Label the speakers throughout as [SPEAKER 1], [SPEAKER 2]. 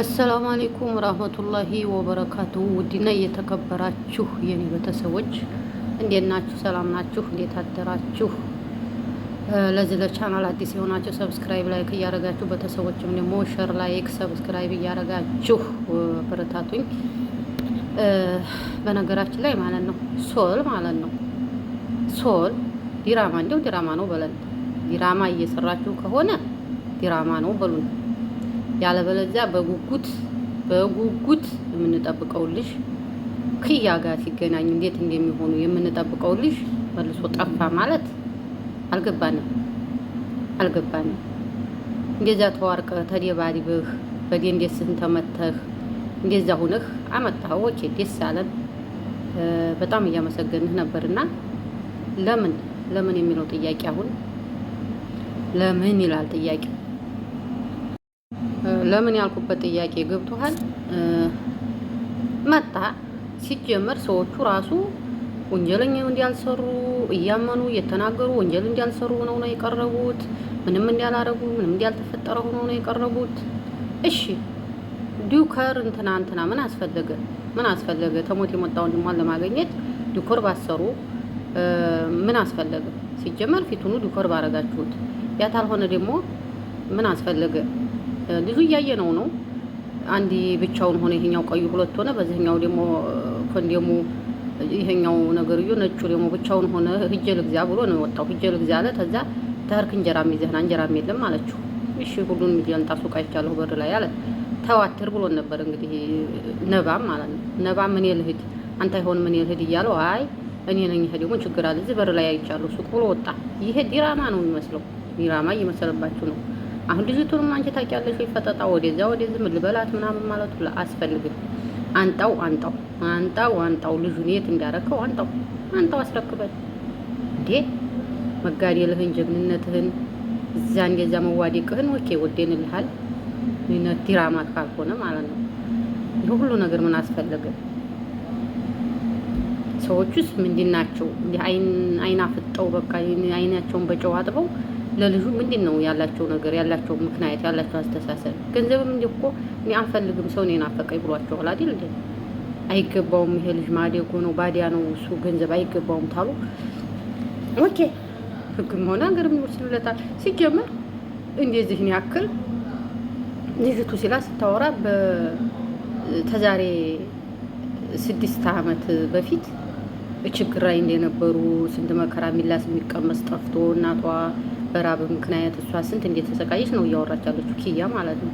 [SPEAKER 1] አሰላሙ አሌይኩም ወራህመቱላሂ ወበረካቱ። ውድና እየተከበራችሁ የኔ ቤተሰቦች እንዴት ናችሁ? ሰላም ናችሁ? እንዴት አደራችሁ? ለዚህ ለቻናል አዲስ የሆናችሁ ሰብስክራይብ፣ ላይክ እያደረጋችሁ ቤተሰቦችም ደግሞ ሸር፣ ላይክ፣ ሰብስክራይብ እያደረጋችሁ በረታቱኝ። በነገራችን ላይ ማለት ነው ሶል ማለት ነው ሶል ዲራማ እንዲው ዲራማ ነው በለን። ዲራማ እየሰራችሁ ከሆነ ዲራማ ነው በሉን። ያለበለዚያ በጉጉት በጉጉት የምንጠብቀው ልጅ ክያ ጋር ሲገናኝ እንዴት እንደሚሆኑ የምንጠብቀው ልጅ መልሶ ጠፋ ማለት አልገባንም አልገባንም። እንደዛ ተዋርቀ ተደባድበህ በደንደስህን ተመተህ እንደዛ ሁነህ አመጣኸው። ኦኬ ደስ አለን፣ በጣም እያመሰገንህ ነበርና ለምን ለምን የሚለው ጥያቄ አሁን ለምን ይላል ጥያቄ ለምን ያልኩበት ጥያቄ ገብቶሃል? መጣ ሲጀመር ሰዎቹ ራሱ ወንጀለኛ እንዲያልሰሩ እያመኑ እየተናገሩ ወንጀል እንዲያልሰሩ ሆነው ነው የቀረቡት። ምንም እንዲያላረጉ ምንም እንዲያልተፈጠረ ሆነው ነው የቀረቡት። እሺ ዱከር እንትና እንትና ምን አስፈለገ? ምን አስፈለገ? ተሞት የመጣ ወንድሟን ለማገኘት ዱኮር ባሰሩ ምን አስፈለገ? ሲጀመር ፊቱኑ ዱኮር ባረጋችሁት። ያታልሆነ ደግሞ ምን አስፈለገ? ልጁ እያየ ነው ነው አንድ ብቻውን ሆነ ይሄኛው ቀዩ ሁለት ሆነ። በዚህኛው ደግሞ ኮንዴሙ ይሄኛው ነገር ነገርዮ ነጩ ደግሞ ብቻውን ሆነ። ህጀ ልግዛ ብሎ ነው ወጣው። ህጀ ልግዛ አለ። ተዛ ተርክ እንጀራ የሚዘህና እንጀራም የለም አለችው። እሺ ሁሉን ሚሊዮን ጣሱ ቃይቻለሁ በር ላይ አለ። ተዋትር ብሎ ነበር እንግዲህ ነባም ማለት ነው። ነባም ምን ልሂድ አንተ አይሆንም ምን ልሂድ እያለው አይ እኔ ነኝ ይሄ ደግሞ ችግር አለ እዚህ በር ላይ አይቻለሁ ሱቅ ብሎ ወጣ። ይሄ ዲራማ ነው የሚመስለው። ዲራማ እየመሰለባችሁ ነው። አሁን ልጅቱንም አንቺ ታውቂያለሽ፣ ፈጠጣ ወደዛ ወደዚህ ምን ልበላት ምናምን ማለቱ አስፈልግም። አንጣው አንጣው አንጣው አንጣው ልጁን የት እንዳረከው አንጣው አንጣው አስረክበን እንዴ መጋደልህን ጀግንነትህን እዛ እንደዛ መዋደቅህን ወኬ ወደንልሃል። ይነት ዲራማ ካልሆነ ማለት ነው። ይህ ሁሉ ነገር ምን አስፈለገ? ሰዎቹስ ምንድን ናቸው? አይን አይና ፍጠው በቃ አይናቸውን በጨው አጥበው ለልጁ ምንድን ነው ያላቸው ነገር ያላቸው ምክንያት ያላቸው አስተሳሰብ ገንዘብም እንዲ እኮ እኔ አንፈልግም ሰው እኔን አፈቀኝ ብሏቸዋል አይደል እንዴ? አይገባውም ይሄ ልጅ ማደጎ ነው ባዲያ ነው እሱ ገንዘብ አይገባውም ታሉ። ኦኬ ህግም ሆነ ሀገርም ይወስድለታል። ሲጀመር እንደዚህን ያክል ልጅቱ ሲላ ስታወራ በተዛሬ ስድስት አመት በፊት ችግር ላይ እንደነበሩ ስንት መከራ የሚላስ የሚቀመስ ጠፍቶ እናቷ በራብ ምክንያት እሷ ስንት እንደተሰቃየች ነው እያወራች ያለችው ኪያ ማለት ነው።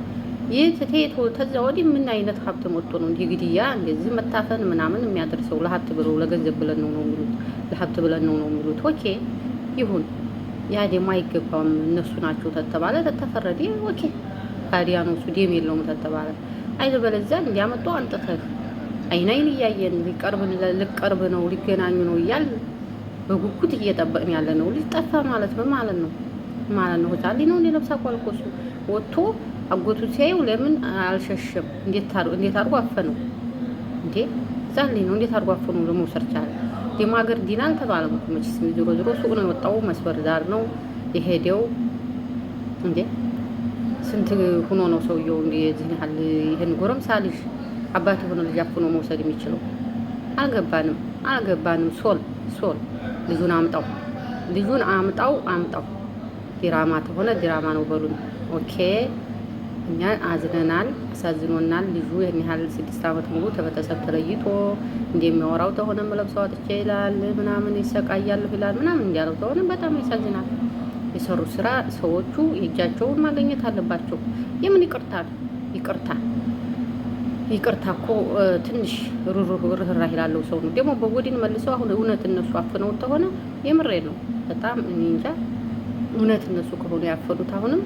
[SPEAKER 1] ይህ ተተይቶ ተዚያ ወዲህ ምን አይነት ሀብት ሞቶ ነው እንዲህ ግድያ፣ እንደዚህ መታፈን ምናምን የሚያደርሰው? ለሀብት ብለው ለገንዘብ ብለን ነው ነው የሚሉት፣ ለሀብት ብለን ነው ነው የሚሉት። ኦኬ ይሁን፣ ያ ደም አይገባም እነሱ ናቸው ተተባለ፣ ተተፈረደ። ኦኬ ታዲያ ነው እሱ ደም የለውም ተተባለ። በለዚያ እንዲያመጡ አንጥተህ አይን አይን እያየን ሊቀርብ ነው ሊገናኙ ነው እያል በጉጉት እየጠበቅን ያለ ነው። ልጅ ጠፋ ማለት ነው ማለት ነው ማለት ነው። ሆታሊ ነው እንደ ለብሳ ቆልቆሱ ወጥቶ አጎቱ ሲያዩ ለምን አልሸሸም? እንዴት ታሩ እንዴት አድርጎ አፈነው እንዴ? ዛሊ ነው እንዴት አድርጎ አፈነው ለመውሰድ ቻለ? የማገር ዲና አልተባለም እኮ መቼስ ዞሮ ዞሮ ሱቅ ነው የወጣው። መስበር ዳር ነው የሄደው እንዴ። ስንት ሁኖ ነው ሰውየው እንዴ? እዚህ ያህል ይሄን ጎረምሳ ልጅ አባት የሆነ ልጅ አፍኖ መውሰድ የሚችለው አልገባንም፣ አልገባንም ሶል ሶል ልጁን አምጣው፣ ልጁን አምጣው፣ አምጣው። ዲራማ ተሆነ ዲራማ ነው በሉን። ኦኬ እኛ አዝነናል፣ አሳዝኖናል። ልጁ ይህን ያህል ስድስት ዓመት ሙሉ ከቤተሰብ ተለይቶ እንደሚያወራው ተሆነ መለብሰው አጥቼ ይላል ምናምን ይሰቃያል ይላል ምናምን እንዲያለው ተሆነ በጣም ያሳዝናል። የሰሩ ስራ ሰዎቹ የእጃቸውን ማገኘት አለባቸው። የምን ይቅርታ ይቅርታ ይቅርታ እኮ ትንሽ ርህራሄ ይላለው ሰው ነው። ደግሞ በወዲን መልሰው አሁን እውነት እነሱ አፍነው ተሆነ የምሬ ነው። በጣም እኔ እንጃ። እውነት እነሱ ከሆኑ ያፈኑት አሁንም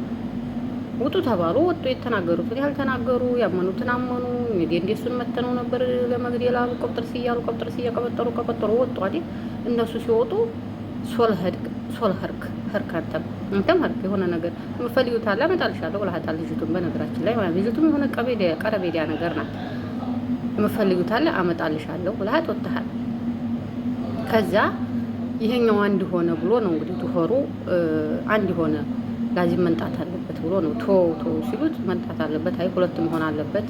[SPEAKER 1] ውጡ ተባሉ፣ ወጡ። የተናገሩትን ያልተናገሩ ያመኑትን አመኑ። እንግዲህ እንደሱን መተነው ነበር ለመግደል አሉ። ቆብጥር ሲያሉ ቆብጥር ሲያ ቀበጠሩ ወጡ አይደል? እነሱ ሲወጡ ሶልህድቅ ሶልህርክ ህርክ አጠም እንተም ህርክ የሆነ ነገር የምፈልዩት አለ አመጣልሻለሁ ብለሃታል። ልጅቱን በነገራችን ላይ ማለት ልጅቱም የሆነ ቀረቤዲያ ነገር ናት። የምፈልዩት አለ አመጣልሻለሁ ብለሃት ወጥተሃል። ከዛ ይሄኛው አንድ ሆነ ብሎ ነው እንግዲህ ትሆሩ አንድ ሆነ ላዚም መንጣት አለበት ብሎ ነው ቶ ቶ ሲሉት መንጣት አለበት። አይ ሁለት መሆን አለበት።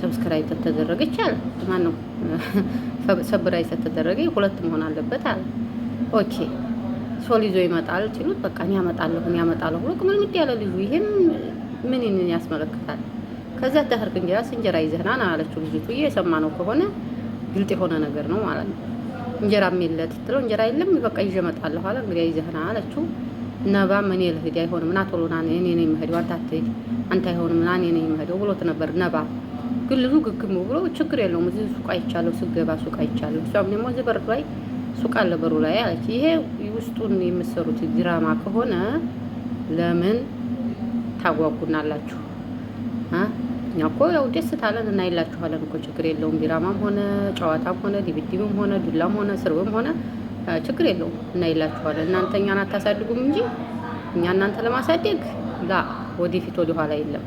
[SPEAKER 1] ሰብስክራይብ ተደረገ ይቻላል። ማን ነው ሰብራይ ተደረገ ሁለት መሆን አለበት አለ። ኦኬ ሰው ይዞ ይመጣል ሲሉት በቃ እኔ ያመጣለሁ እኔ ያመጣለሁ ብሎ ቅምልምጥ ያለ ልጁ ይሄም ምን ያስመለክታል? ከዛ ተህርክ እንጀራ እንጀራ ይዘህና ና አለችው ልጅቱ። ይሄ ነው ከሆነ ግልጥ የሆነ ነገር ነው ማለት ነው። እንጀራም የለ ትትለው እንጀራ የለም በቃ ይዤ እመጣለሁ አለ። እንግዲህ ይዘህና አለችው። ነባም እኔ ልሂድ አይሆንም ና ቶሎ ና እኔ ነኝ የምሄደው አንተ አትሂድ አንተ አይሆንም ና እኔ ነኝ የምሄደው ብሎት ነበር ነባ። ግን ልጁ ግግም ብሎ ችግር የለውም እዚህ ሱቅ አይቻለሁ ስገባ ሱቅ አይቻለሁ እሷም ደግሞ እዚህ በር ላይ ሱቅ አለ በሩ ላይ አለች። ይሄ ውስጡን የምትሰሩት ድራማ ከሆነ ለምን ታጓጉናላችሁ? እኛ እኮ ያው ደስ ታለን እናይላችኋለን እኮ ችግር የለውም። ቢራማም ሆነ ጨዋታም ሆነ ዲቪዲም ሆነ ዱላም ሆነ ስርብም ሆነ ችግር የለውም እናይላችኋለን። እናንተ እኛን አታሳድጉም እንጂ እኛ እናንተ ለማሳደግ ላ ወደፊት ወደኋላ የለም።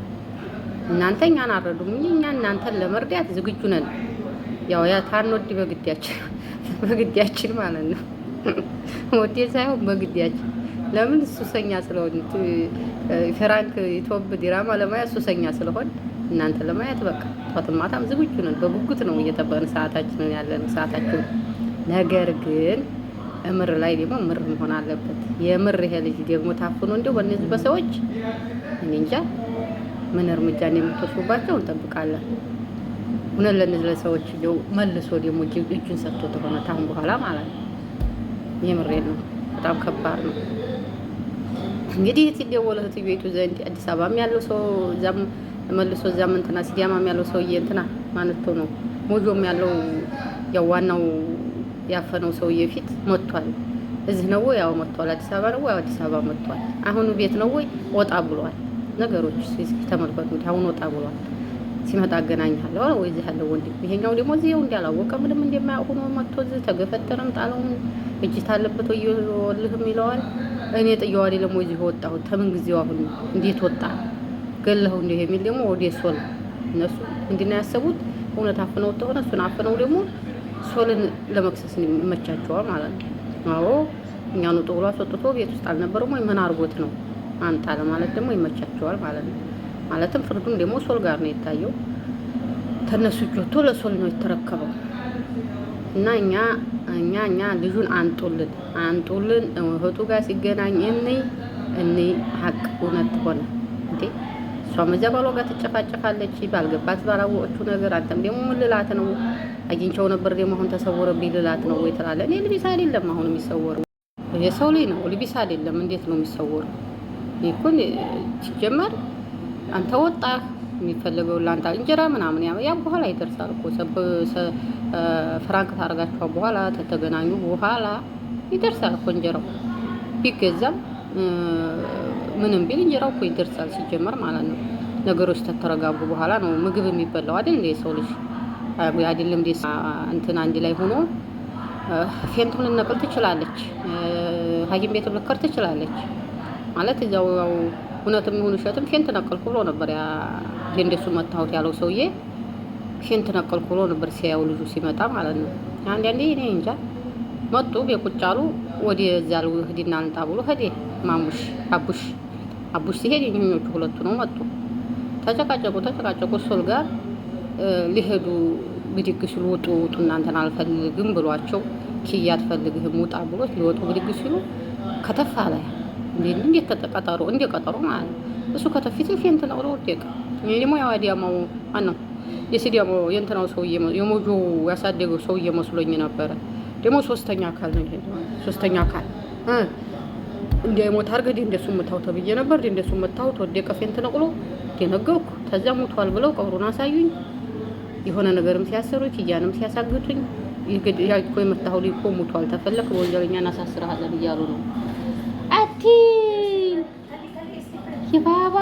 [SPEAKER 1] እናንተ እኛን አረዱም እንጂ እኛ እናንተን ለመርዳት ዝግጁ ነን። ያው ያ ታንወድ በግዳችን በግዳችን ማለት ነው። ወዴ ሳይሆን በግዳችን ለምን ሱሰኛ ስለሆን ፍራንክ ኢትዮብ ዲራማ ለማየት ሱሰኛ ስለሆን እናንተ ለማየት በቃ ጧትም ማታም ዝግጁ ነን። በጉጉት ነው እየጠበቅን ሰዓታችንን ያለን ሰዓታችን። ነገር ግን እምር ላይ ደግሞ ምር መሆን አለበት። የምር ይሄ ልጅ ደግሞ ታፍኖ እንደው በእነዚህ በሰዎች እኔ እንጃ ምን እርምጃ እንደምትወስዱባቸው እንጠብቃለን። እውነት ለእነዚህ ለሰዎች እንደው መልሶ ደግሞ እጁን ሰጥቶ ተሆነ ታሁን በኋላ ማለት ነው። ነው። በጣም ከባድ ነው። እንግዲህ እህት ቤቱ ዘንድ አዲስ አበባም ያለው ሰው እዛም መልሶ እዛም እንትና ሲዳማም ያለው ሰውዬ እንትና ማነቶ ነው ሞጆም ያለው ያው ዋናው ያፈነው ሰውዬ ፊት መጥቷል። እዚህ ነው ወይ? መጥቷል። አዲስ አበባ ነው ወይ? አዲስ አበባ መጥቷል። አሁኑ ቤት ነው ወይ? ወጣ ብሏል። ነገሮች ተመልከቱ። አሁን ወጣ ብሏል። ሲመጣ አገናኝሃለሁ ወይ እዚህ ያለው ወንድም ይሄኛው ደግሞ እዚው አላወቀ ምንም እንደማያውቅ ሆኖ መጥቶ እዚህ ተገፈተረም ጣለውም እጅ ታለበት ወየልህም ይለዋል። እኔ ጥየዋል ደግሞ እዚህ ወጣሁ ተምን ጊዜው አሁን እንዴት ወጣ ገለኸው እንዲህ የሚል ደግሞ ወደ ሶል እነሱ እንዲና ያሰቡት እውነት አፍነው ተሆነ እሱን አፍነው ደግሞ ሶልን ለመክሰስ ይመቻቸዋል ማለት ነው። አዎ እኛኑ ጥብሎ አስወጥቶ ቤት ውስጥ አልነበረም ወይ ምን አርጎት ነው አንተ ለማለት ደግሞ ይመቻቸዋል ማለት ነው። ማለትም ፍርዱም ደግሞ ሶል ጋር ነው የታየው። ተነሱ ጆቶ ለሶል ነው የተረከበው እና እኛ እኛ እኛ ልጁን አንጡልን አንጡልን እህቱ ጋር ሲገናኝ እኔ እኔ ሀቅ እውነት ሆነ እንዴ እሷ መዚያ ባሏ ጋር ትጨፋጨፋለች ባልገባት ባላወቀችው ነገር አንተም ደግሞ ልላት ነው አግኝቸው ነበር ደግሞ አሁን ተሰወረብኝ ልላት ነው ወይ ትላለ እኔ ልቢስ አይደለም አሁን የሚሰወሩ የሰው ልጅ ነው ልቢስ አይደለም እንዴት ነው የሚሰወሩ ይኩን ሲጀመር አንተ ወጣ የሚፈለገው ላንተ እንጀራ ምናምን ያ በኋላ ይደርሳል እኮ ፍራንክ ታደርጋችኋል በኋላ ተተገናኙ በኋላ ይደርሳል እኮ እንጀራው ቢገዛም ምንም ቢል እንጀራው እኮ ይደርሳል ሲጀመር ማለት ነው። ነገሮች ተተረጋጉ በኋላ ነው ምግብ የሚበላው አይደል? እንደ ሰው ልጅ አይደለም እንደ እንትን አንድ ላይ ሆኖ ፌንቱም ልነቅል ትችላለች፣ ሐኪም ቤት ልከር ትችላለች ማለት እዚያው እውነትም ይሁን ውሸትም ሽንት ነቀልኩ ብሎ ነበር ያ እንደሱ መታሁት ያለው ሰውዬ ሽንት ነቀልኩ ብሎ ነበር ሲያየው ልጁ ሲመጣ ማለት ነው። አንዳንዴ እኔ እንጃ መጡ ቤቁጭ አሉ ወደ እዚያ ልሂድና አንጣ ብሎ ሄዴ ማሙሽ አቡሽ አቡሽ ሲሄድ የኞቹ ሁለቱ ነው መጡ። ተጨቃጨቁ ተጨቃጨቁ እሱል ጋር ሊሄዱ ብድግ ሲሉ ውጡ ውጡ እናንተን አልፈልግም ብሏቸው ኪያ አትፈልግህም ውጣ ብሎ ሊወጡ ብድግ ሲሉ ከተፋ ላይ እንዴት ቀጠሮ እንደ ቀጠሩ ማለት እሱ ከተፊት ፊንት ነው ወደቀ። እኔ ደግሞ ያው አዲያማው ማነው የሲዲያማው የእንትናው ሰውዬ የሞጆ ያሳደገው ሰውዬ መስሎኝ ነበረ። ደግሞ ሶስተኛ አካል ነው ይሄ ሶስተኛ አካል እንዳይሞት አድርገህ እንደሱ መታው ተብዬ ነበር። እንደሱ መታው ወደቀ ፊንት ነቅሎ ደነገኩ። ከዛ ሞቷል ብለው ቀብሩን አሳዩኝ። የሆነ ነገርም ሲያሰሩ ኪያንም ሲያሳግቱኝ ይህ እኮ የመታኸው ልጅ እኮ ሞቷል፣ ተፈለክ በወንጀለኛ እናሳስርሃለን እያሉ ነው ፊል ሂባባ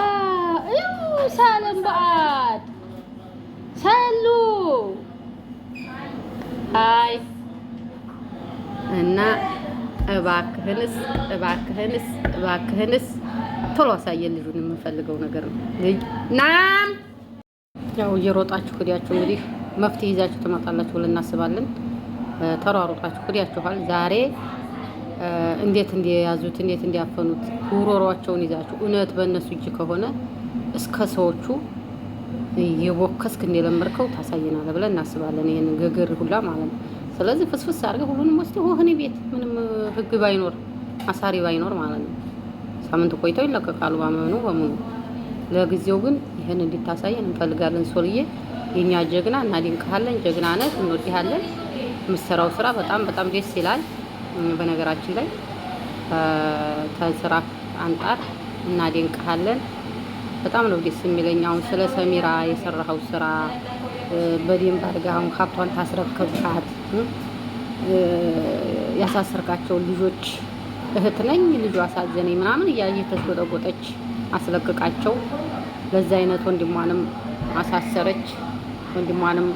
[SPEAKER 1] እዩ ሳለም በዓድ ሰሉ አይ እና እባክህንስ እባክህንስ እባክህንስ ቶሎ አሳየን። ልጁን የምንፈልገው ነገር ነው። ናም ያው እየሮጣችሁ ክዲያችሁ እንግዲህ መፍትሄ ይዛችሁ ትመጣላችሁ ብለን እናስባለን። ተሯሮጣችሁ ክዲያችኋል ዛሬ እንዴት እንደያዙት እንዴት እንዲያፈኑት ጉሮሯቸውን ይዛችሁ እውነት በእነሱ እጅ ከሆነ እስከ ሰዎቹ የቦከስክ እንደለመድከው ታሳየናለ ብለን እናስባለን። ይህን ግግር ሁላ ማለት ነው። ስለዚህ ፍስፍስ አድርገህ ሁሉንም ወስደህ ወህኒ ቤት ምንም ህግ ባይኖር አሳሪ ባይኖር ማለት ነው። ሳምንት ቆይተው ይለቀቃሉ ባመኑ በሙሉ። ለጊዜው ግን ይህን እንዲታሳየን እንፈልጋለን። ሶልዬ የኛ ጀግና እናደንቅሃለን። ጀግና ነህ፣ እንወድሃለን። የምትሰራው ስራ በጣም በጣም ደስ ይላል። በነገራችን ላይ ከስራ አንጣር እናደንቅሃለን። በጣም ነው ደስ የሚለኝ። አሁን ስለ ሰሚራ የሰራኸው ስራ በደንብ አድርገህ አሁን ሀብቷን ታስረከብካት ያሳሰርካቸውን ልጆች እህት ነኝ ልጁ አሳዘነኝ ምናምን እያየ ተስጎጠጎጠች አስለቅቃቸው። ለዛ አይነት ወንድሟንም አሳሰረች፣ ወንድሟንም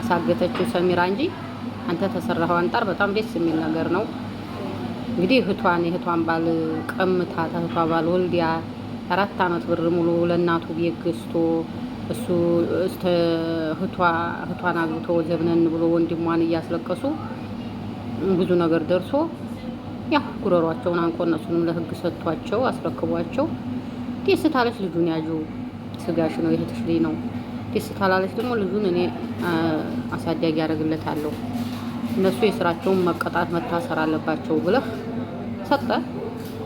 [SPEAKER 1] አሳገተችው ሰሚራ እንጂ አንተ ተሰራኸው አንጣር በጣም ደስ የሚል ነገር ነው። እንግዲህ እህቷን የእህቷን ባል ቀምታ እህቷ ባል ወልዲያ አራት አመት ብር ሙሉ ለእናቱ ቤት ገዝቶ እሱ እስተ እህቷን አግብቶ ዘብነን ብሎ ወንድሟን እያስለቀሱ ብዙ ነገር ደርሶ ያው ጉረሯቸውን አንቆ እነሱንም ለህግ ሰጥቷቸው አስረክቧቸው ደስ ታለች። ልጁን ያዡ ስጋሽ ነው ይሄ ትሽሪ ነው ደስ ታላለች። ደግሞ ልጁን እኔ አሳዳጊ ያደርግለታለሁ እነሱ የስራቸውን መቀጣት መታሰር አለባቸው ብለህ ሰጠ።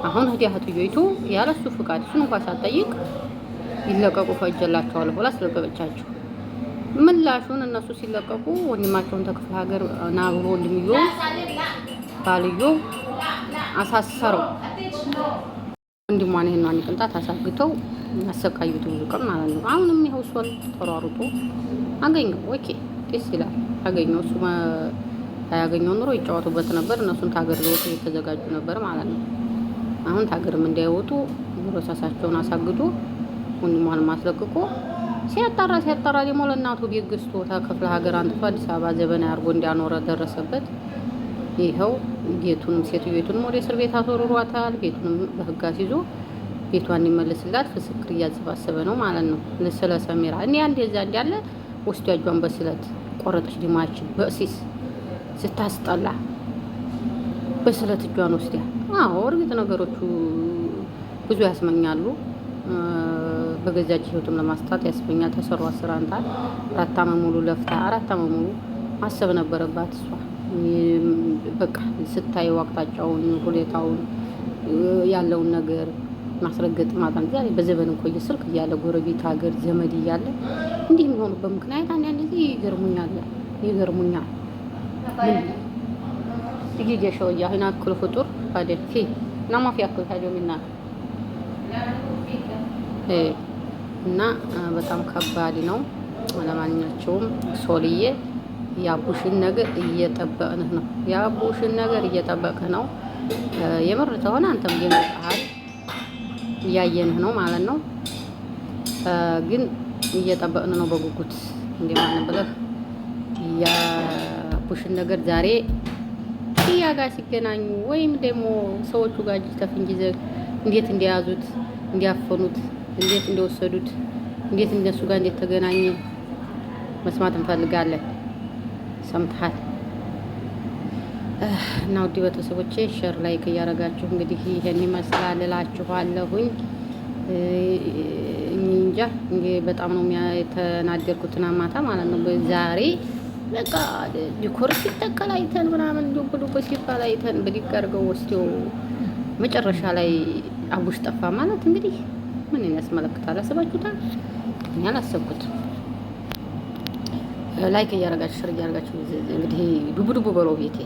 [SPEAKER 1] አሁን ህዲያ ህትዮይቱ ያለሱ ፍቃድ እሱን እንኳ ሳትጠይቅ ይለቀቁ ፈጀላቸዋል ብላ አስለቀቀቻቸው። ምላሹን እነሱ ሲለቀቁ ወንድማቸውን ተክፍለ ሀገር ና ብሎ ወንድምዮ ባልዮ አሳሰረው። ወንድሟን ይህን ቅንጣት አሳግተው ያሰቃዩት ብዙ ቀን ማለት ነው። አሁንም ይኸው ሶል ተሯሩጦ አገኘው። ኦኬ ደስ ይላል። አገኘው እሱ ባያገኘው ኑሮ ይጫወቱበት ነበር። እነሱን ታገር ሊወጡ እየተዘጋጁ ነበር ማለት ነው። አሁን ታገርም እንዳይወጡ ብሮሳሳቸውን አሳግዶ ወንድሟን ማስለቅቆ ሲያጣራ ሲያጣራ ደግሞ ለእናቱ ቤት ገዝቶ ከክፍለ ሀገር አንጥቶ አዲስ አበባ ዘበና አድርጎ እንዲያኖረ ደረሰበት። ይኸው ቤቱንም ቤቱንም ወደ እስር ቤት አስወርሯታል። ቤቱንም በህግ አስይዞ ቤቷን እንዲመልስላት ፍስክር እያሰባሰበ ነው ማለት ነው። ስለ ሰሜራ እኔ አንድ የዛ እንዳለ ወስዳጇን በስለት ቆረጠች ድማችን በእሲስ ስታስጠላ በስለት እጇን ወስዲያ። አዎ እርግጥ ነገሮቹ ብዙ ያስመኛሉ። በገዛች ህይወትም ለማስታት ያስበኛል። ተሰሩ አስር አንታል አራት ዓመት ሙሉ ለፍታ አራት ዓመት ሙሉ ማሰብ ነበረባት እሷ። በቃ ስታይ አቅጣጫውን፣ ሁኔታውን፣ ያለውን ነገር ማስረገጥ ማጣን ዛሬ በዘበን እንቆየ ስልክ እያለ ጎረቤት ሀገር ዘመድ እያለ እንዲህ የሚሆኑበት ምክንያት አንዳንድ ጊዜ ይገርሙኛል ይገርሙኛል። دقيقة شوية هنا أكل فطور بعدين في هنا ما في أكل حاجة እና በጣም ከባድ ነው። ለማንኛቸውም ሶልዬ የአቡሽን ነገር እየጠበቅንህ ነው። የአቡሽን ነገር እየጠበቅህ ነው። የምር ተሆነ አንተም የመጣሃል እያየንህ ነው ማለት ነው። ግን እየጠበቅን ነው በጉጉት እንዲማን ብለህ የአቡሽን ነገር ዛሬ ያ ጋር ሲገናኙ ወይም ደግሞ ሰዎቹ ጋር እጅ ተፍንጅ እንዴት እንደያዙት እንዲያፈኑት እንዴት እንደወሰዱት እንዴት እነሱ ጋር እንዴት ተገናኘ መስማት እንፈልጋለን። ሰምተሃል እና ውድ ቤተሰቦቼ ሸር ላይክ እያደረጋችሁ እንግዲህ ይሄን ይመስላል እላችኋለሁኝ። እንጃ በጣም ነው የተናደርኩትና ማታ ማለት ነው ዛሬ በቃ ዲኮር ሲተከል አይተን ምናምን ዱብ ዱብ ሲባል አይተን ብድግ አድርገው ወስደው መጨረሻ ላይ አቡሽ ጠፋ ማለት እንግዲህ ምንን ያስመለክታል? አስባችሁታል? እኔ አላሰብኩትም። ላይክ እያደረጋችሁ ስር እያደረጋችሁ እንግዲህ ዱብ ዱብ በለው ቤቴ